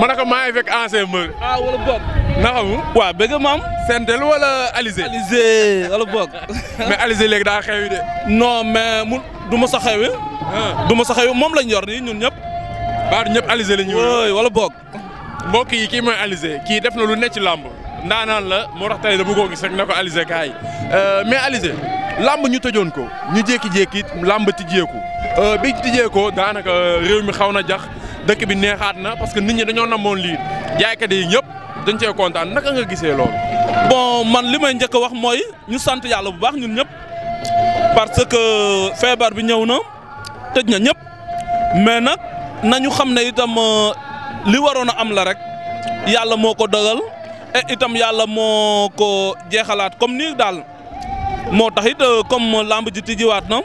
ma ne maa ngi fekk ancien mbër. ah wala boog. na waa waaw bëgg maam. Sentel wala Alizé. Alizé wala boog. mais Alizé léegi daa xewi de. non mais mu du ma sa xewi. Ah. du ma sa xewi moom lañ yor nii ñun ñëpp. baatu ñëpp Alizé la ñu. wala boog. mbokk yi kii mooy Alizé kii def na lu ne ci làmb ndaanaan la moo tax tey dama koo gis rek na ko Alizé kaay euh, mais Alizé làmb ñu tëjoon ko ñu jékki-jékki làmb tijjeeku euh, biñ tijjee ko daanaka euh, réew mi xaw na jax dëkk bi neexaat na parce que nit ñi dañoo namoon lii jaaykat yi ñëpp dañ cee kontaan naka nga gisee loolu. bon man li may njëkk a wax mooy ñu sant yàlla bu baax ñun ñëpp parce que feebar bi ñëw na tëj na ñëpp mais nag nañu xam ne itam euh, li waroon a am la rek yàlla moo ko dogal et itam yàlla moo ko jeexalaat comme nii daal moo tax it euh, comme lamb ji tijjiwaat na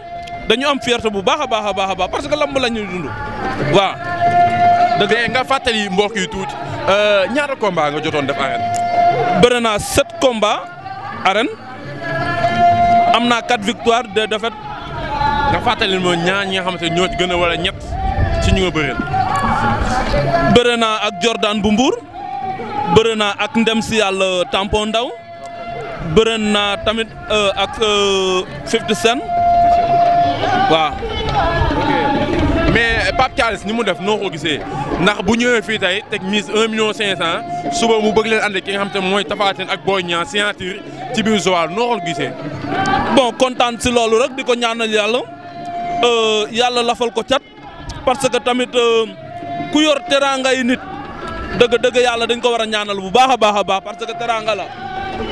dañu am fierté bu baax a baax a baax a baax parce que lamb la ñuy dund waaw. dëgg la nga fàttali mbokk yi tuuti euh, ñaata combat nga jotoon def arène. bëri naa sept combat arène am naa quatre victoire deux défaites. nga fàttali ma ñaar ñi nga xamante ñoo ci gën a wala ñett ci ñu nga bëreel. ak Jordan bu Mbour bëri naa ak ndem si yàlla tampon ndaw bëri naa tamit euh, ak 50 euh, Cent waaw. caalis ni mu def noo ko gisee ndax bu ñëwee fii tey teg mise 1 million 500 suba mu bëgg leen ànd ki nga xam te mooy Tapha Tine ak Boy Niang signature ci biir Joal noo ko gisee. bon kontaan si loolu rek di ko ñaanal yàlla euh, yàlla lafal ko cat parce que tamit euh, ku yor teraanga yi nit dëgg dëgg yàlla dañ ko war a ñaanal bu baax a baax a baax parce que teraanga la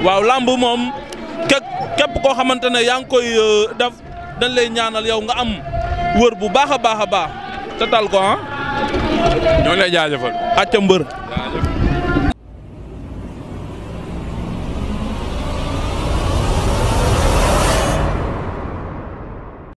waaw làmb moom képp koo xamante ne yaa ngi koy euh, def dañ lay ñaanal yow nga am wër bu baax a baax a baax. te ko ah. ñoo ngi lay jaajëfal acca mbër